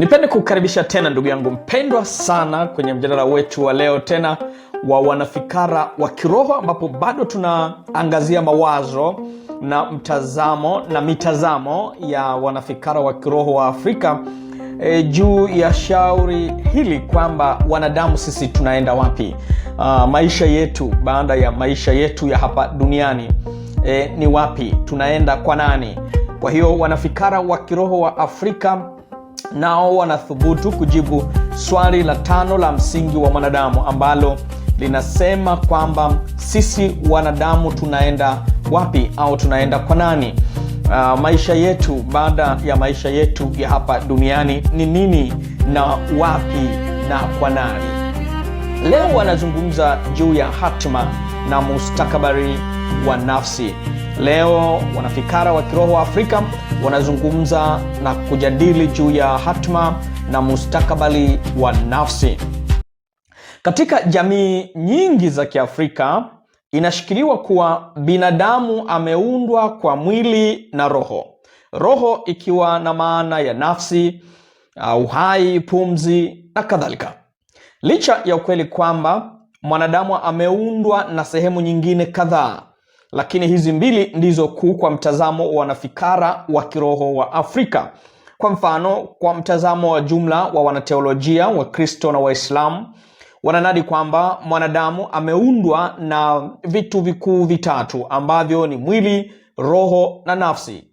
Nipende kukaribisha tena ndugu yangu mpendwa sana kwenye mjadala wetu wa leo tena wa wanafikara wa kiroho ambapo bado tunaangazia mawazo na mtazamo na mitazamo ya wanafikara wa kiroho wa Afrika e, juu ya shauri hili kwamba wanadamu sisi tunaenda wapi? uh, maisha yetu baada ya maisha yetu ya hapa duniani e, ni wapi tunaenda, kwa nani? Kwa hiyo wanafikara wa kiroho wa Afrika nao wanathubutu kujibu swali la tano la msingi wa mwanadamu ambalo linasema kwamba sisi wanadamu tunaenda wapi au tunaenda kwa nani? Uh, maisha yetu baada ya maisha yetu ya hapa duniani ni nini na wapi na kwa nani? Leo wanazungumza juu ya hatima na mustakabari wa nafsi. Leo wanafikara wa kiroho wa Afrika wanazungumza na kujadili juu ya hatma na mustakabali wa nafsi. Katika jamii nyingi za Kiafrika inashikiliwa kuwa binadamu ameundwa kwa mwili na roho, roho ikiwa na maana ya nafsi, uh, uhai, pumzi na kadhalika, licha ya ukweli kwamba mwanadamu ameundwa na sehemu nyingine kadhaa lakini hizi mbili ndizo kuu kwa mtazamo wa wanafikara wa kiroho wa Afrika. Kwa mfano, kwa mtazamo wa jumla wa wanateolojia Wakristo na Waislamu wananadi kwamba mwanadamu ameundwa na vitu vikuu vitatu ambavyo ni mwili, roho na nafsi.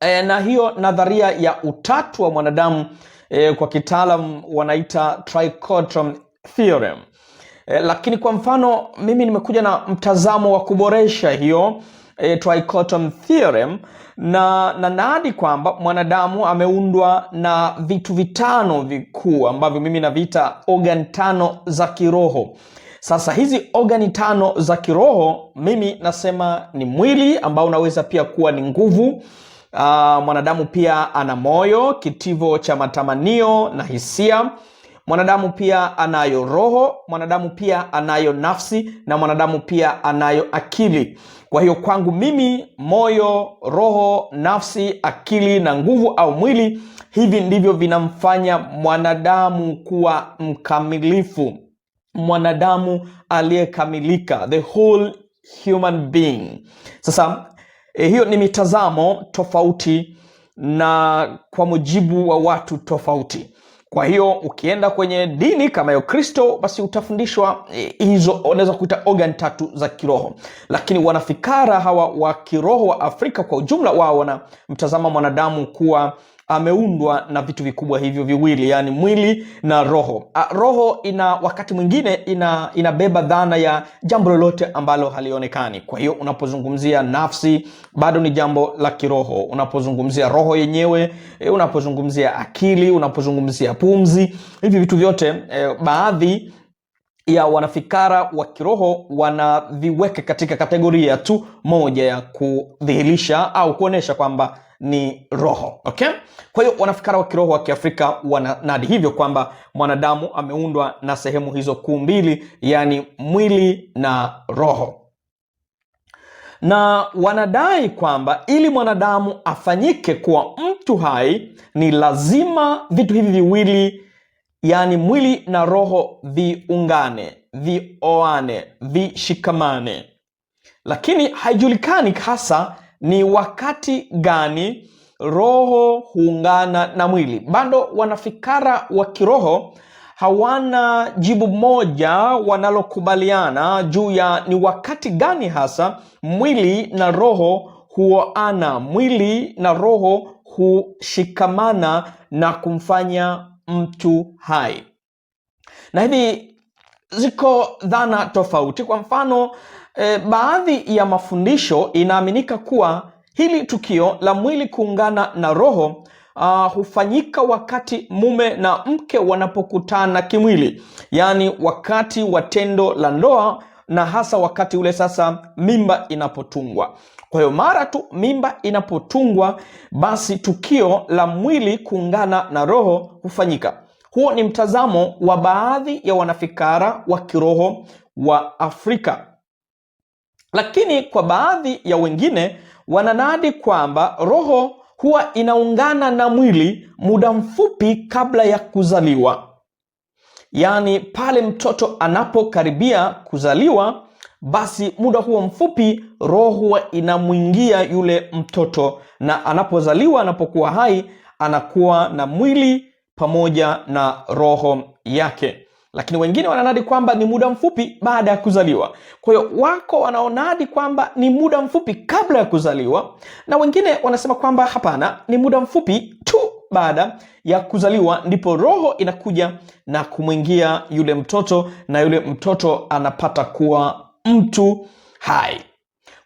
E, na hiyo nadharia ya utatu wa mwanadamu e, kwa kitaalam wanaita trichotomy theorem e, lakini kwa mfano mimi nimekuja na mtazamo wa kuboresha hiyo e, eh, trichotomy theorem na na nadi kwamba mwanadamu ameundwa na vitu vitano vikuu ambavyo mimi naviita organ tano za kiroho. Sasa hizi organi tano za kiroho mimi nasema ni mwili ambao unaweza pia kuwa ni nguvu. Uh, mwanadamu pia ana moyo, kitivo cha matamanio na hisia. Mwanadamu pia anayo roho, mwanadamu pia anayo nafsi na mwanadamu pia anayo akili. Kwa hiyo kwangu mimi, moyo, roho, nafsi, akili na nguvu au mwili, hivi ndivyo vinamfanya mwanadamu kuwa mkamilifu, mwanadamu aliyekamilika, the whole human being. Sasa eh, hiyo ni mitazamo tofauti na kwa mujibu wa watu tofauti. Kwa hiyo ukienda kwenye dini kama ya Ukristo, basi utafundishwa e, hizo, unaweza kuita organ tatu za kiroho. Lakini wanafikara hawa wa kiroho wa Afrika kwa ujumla, wao wana mtazama mwanadamu kuwa ameundwa na vitu vikubwa hivyo viwili, yani mwili na roho. A, roho ina wakati mwingine ina inabeba dhana ya jambo lolote ambalo halionekani. Kwa hiyo unapozungumzia nafsi bado ni jambo la kiroho, unapozungumzia roho yenyewe, eh, unapozungumzia akili, unapozungumzia pumzi, hivi vitu vyote e, baadhi ya wanafikara wa kiroho wanaviweka katika kategoria tu moja ya kudhihirisha au kuonesha kwamba ni roho okay? Kwa hiyo wanafikara wa kiroho wa Kiafrika wananadi hivyo kwamba mwanadamu ameundwa na sehemu hizo kuu mbili, yaani mwili na roho, na wanadai kwamba ili mwanadamu afanyike kuwa mtu hai ni lazima vitu hivi viwili, yaani mwili na roho, viungane, vioane, vishikamane, lakini haijulikani hasa ni wakati gani roho huungana na mwili. Bado wanafikara wa kiroho hawana jibu moja wanalokubaliana juu ya ni wakati gani hasa mwili na roho huoana, mwili na roho hushikamana na kumfanya mtu hai. Na hivi ziko dhana tofauti. Kwa mfano e, baadhi ya mafundisho inaaminika kuwa hili tukio la mwili kuungana na roho Uh, hufanyika wakati mume na mke wanapokutana kimwili, yaani wakati wa tendo la ndoa, na hasa wakati ule sasa mimba inapotungwa. Kwa hiyo mara tu mimba inapotungwa, basi tukio la mwili kuungana na roho hufanyika. Huu ni mtazamo wa baadhi ya wanafikara wa kiroho wa Afrika, lakini kwa baadhi ya wengine wananadi kwamba roho huwa inaungana na mwili muda mfupi kabla ya kuzaliwa, yaani pale mtoto anapokaribia kuzaliwa, basi muda huo mfupi roho huwa inamwingia yule mtoto, na anapozaliwa, anapokuwa hai, anakuwa na mwili pamoja na roho yake. Lakini wengine wananadi kwamba ni muda mfupi baada ya kuzaliwa. Kwa hiyo wako wanaonadi kwamba ni muda mfupi kabla ya kuzaliwa, na wengine wanasema kwamba hapana, ni muda mfupi tu baada ya kuzaliwa ndipo roho inakuja na kumwingia yule mtoto, na yule mtoto anapata kuwa mtu hai.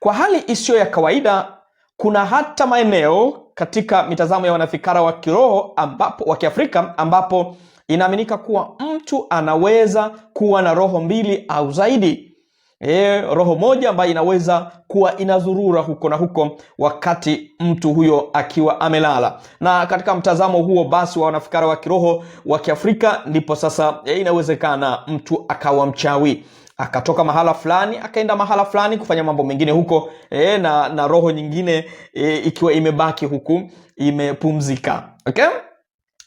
Kwa hali isiyo ya kawaida, kuna hata maeneo katika mitazamo ya wanafikara wa kiroho ambapo wa Kiafrika ambapo inaaminika kuwa mtu anaweza kuwa na roho mbili au zaidi. E, roho moja ambayo inaweza kuwa inazurura huko na huko wakati mtu huyo akiwa amelala. Na katika mtazamo huo basi wa wanafikara wa kiroho wa Kiafrika ndipo sasa e, inawezekana mtu akawa mchawi akatoka mahala fulani akaenda mahala fulani kufanya mambo mengine huko e, na, na roho nyingine e, ikiwa imebaki huku imepumzika okay?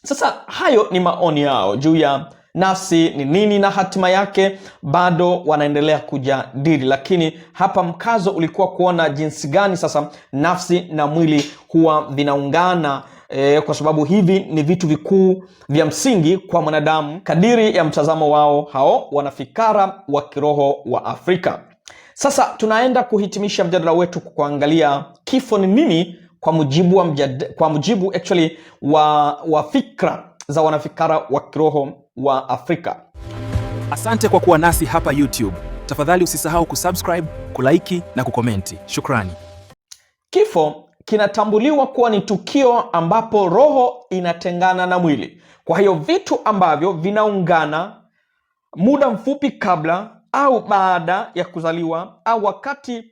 Sasa hayo ni maoni yao juu ya nafsi ni nini na hatima yake, bado wanaendelea kujadili, lakini hapa mkazo ulikuwa kuona jinsi gani sasa nafsi na mwili huwa vinaungana e, kwa sababu hivi ni vitu vikuu vya msingi kwa mwanadamu kadiri ya mtazamo wao hao wanafikara wa kiroho wa Afrika. Sasa tunaenda kuhitimisha mjadala wetu kwa kuangalia kifo ni nini kwa mujibu wa mjad... kwa mujibu actually wa, wa fikra za wanafikara wa kiroho wa Afrika. Asante kwa kuwa nasi hapa YouTube. Tafadhali usisahau kusubscribe, kulaiki na kukomenti. Shukrani. Kifo kinatambuliwa kuwa ni tukio ambapo roho inatengana na mwili. Kwa hiyo vitu ambavyo vinaungana muda mfupi kabla au baada ya kuzaliwa au wakati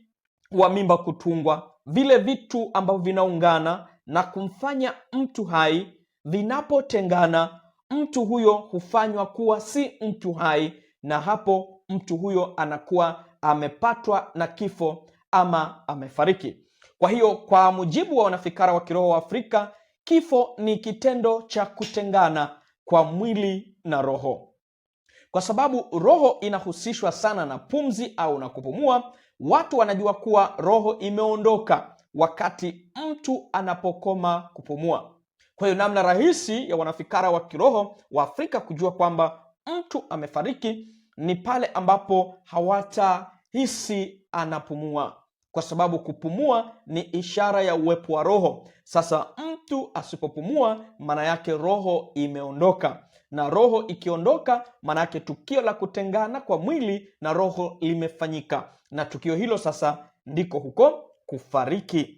wa mimba kutungwa, vile vitu ambavyo vinaungana na kumfanya mtu hai, vinapotengana, mtu huyo hufanywa kuwa si mtu hai, na hapo mtu huyo anakuwa amepatwa na kifo ama amefariki. Kwa hiyo kwa mujibu wa wanafikara wa kiroho wa Afrika, kifo ni kitendo cha kutengana kwa mwili na roho. Kwa sababu roho inahusishwa sana na pumzi au na kupumua, watu wanajua kuwa roho imeondoka wakati mtu anapokoma kupumua. Kwa hiyo namna rahisi ya wanafikara wa kiroho wa Afrika kujua kwamba mtu amefariki ni pale ambapo hawatahisi anapumua kwa sababu kupumua ni ishara ya uwepo wa Roho. Sasa mtu asipopumua, maana yake roho imeondoka, na roho ikiondoka, maana yake tukio la kutengana kwa mwili na roho limefanyika, na tukio hilo sasa ndiko huko kufariki.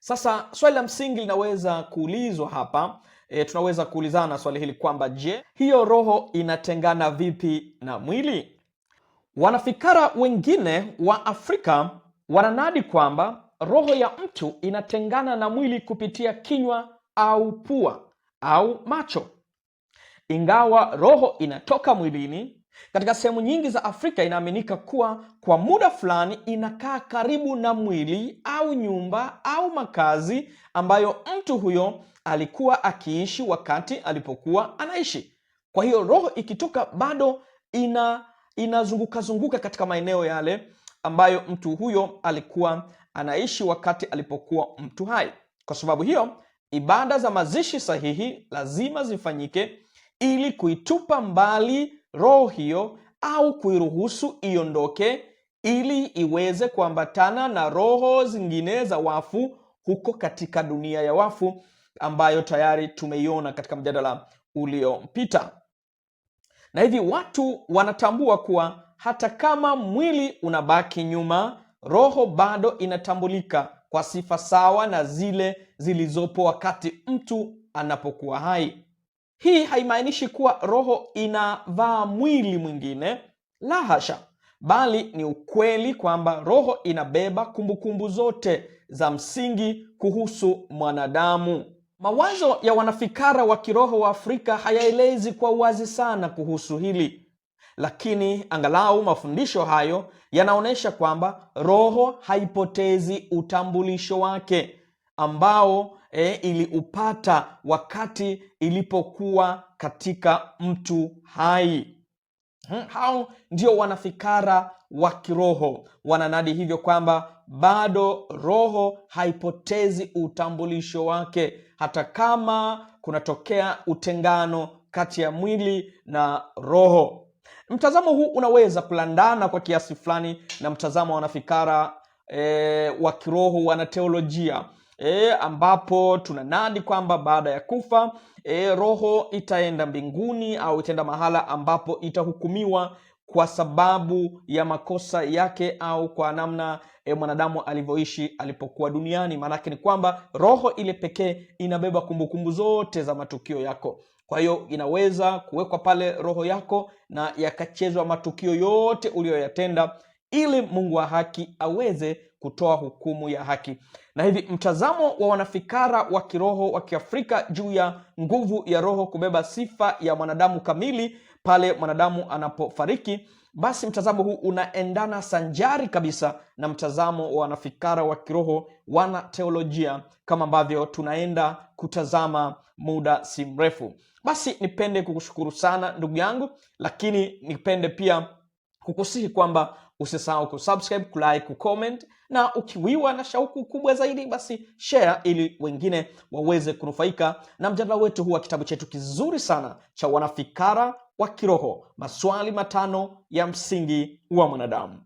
Sasa swali la msingi linaweza kuulizwa hapa. E, tunaweza kuulizana swali hili kwamba je, hiyo roho inatengana vipi na mwili? Wanafikara wengine wa Afrika Wananadi kwamba roho ya mtu inatengana na mwili kupitia kinywa au pua au macho. Ingawa roho inatoka mwilini, katika sehemu nyingi za Afrika inaaminika kuwa kwa muda fulani inakaa karibu na mwili au nyumba au makazi ambayo mtu huyo alikuwa akiishi wakati alipokuwa anaishi. Kwa hiyo roho ikitoka bado ina inazungukazunguka katika maeneo yale ambayo mtu huyo alikuwa anaishi wakati alipokuwa mtu hai. Kwa sababu hiyo, ibada za mazishi sahihi lazima zifanyike ili kuitupa mbali roho hiyo au kuiruhusu iondoke ili iweze kuambatana na roho zingine za wafu huko katika dunia ya wafu ambayo tayari tumeiona katika mjadala uliopita na hivi watu wanatambua kuwa hata kama mwili unabaki nyuma, roho bado inatambulika kwa sifa sawa na zile zilizopo wakati mtu anapokuwa hai. Hii haimaanishi kuwa roho inavaa mwili mwingine, la hasha, bali ni ukweli kwamba roho inabeba kumbukumbu zote za msingi kuhusu mwanadamu. Mawazo ya wanafikara wa kiroho wa Afrika hayaelezi kwa uwazi sana kuhusu hili, lakini angalau mafundisho hayo yanaonyesha kwamba roho haipotezi utambulisho wake ambao e, iliupata wakati ilipokuwa katika mtu hai. Hmm, hao ndio wanafikara wa kiroho wananadi hivyo kwamba bado roho haipotezi utambulisho wake, hata kama kunatokea utengano kati ya mwili na roho. Mtazamo huu unaweza kulandana kwa kiasi fulani na mtazamo wa wanafikara e, wa kiroho wanateolojia e, eh, ambapo tunanadi kwamba baada ya kufa e, roho itaenda mbinguni au itaenda mahala ambapo itahukumiwa kwa sababu ya makosa yake au kwa namna e, mwanadamu alivyoishi alipokuwa duniani. Maanake ni kwamba roho ile pekee inabeba kumbukumbu zote za matukio yako. Kwa hiyo inaweza kuwekwa pale roho yako na yakachezwa matukio yote uliyoyatenda, ili Mungu wa haki aweze kutoa hukumu ya haki. Na hivi mtazamo wa wanafikara wa kiroho wa Kiafrika juu ya nguvu ya roho kubeba sifa ya mwanadamu kamili pale mwanadamu anapofariki, basi mtazamo huu unaendana sanjari kabisa na mtazamo wa wanafikara wa kiroho, wana teolojia, kama ambavyo tunaenda kutazama muda si mrefu. Basi nipende kukushukuru sana ndugu yangu, lakini nipende pia kukusihi kwamba usisahau kusubscribe, kulike, kucomment na ukiwiwa na shauku kubwa zaidi, basi share ili wengine waweze kunufaika na mjadala wetu huu wa kitabu chetu kizuri sana cha wanafikara wa kiroho, maswali matano ya msingi wa mwanadamu.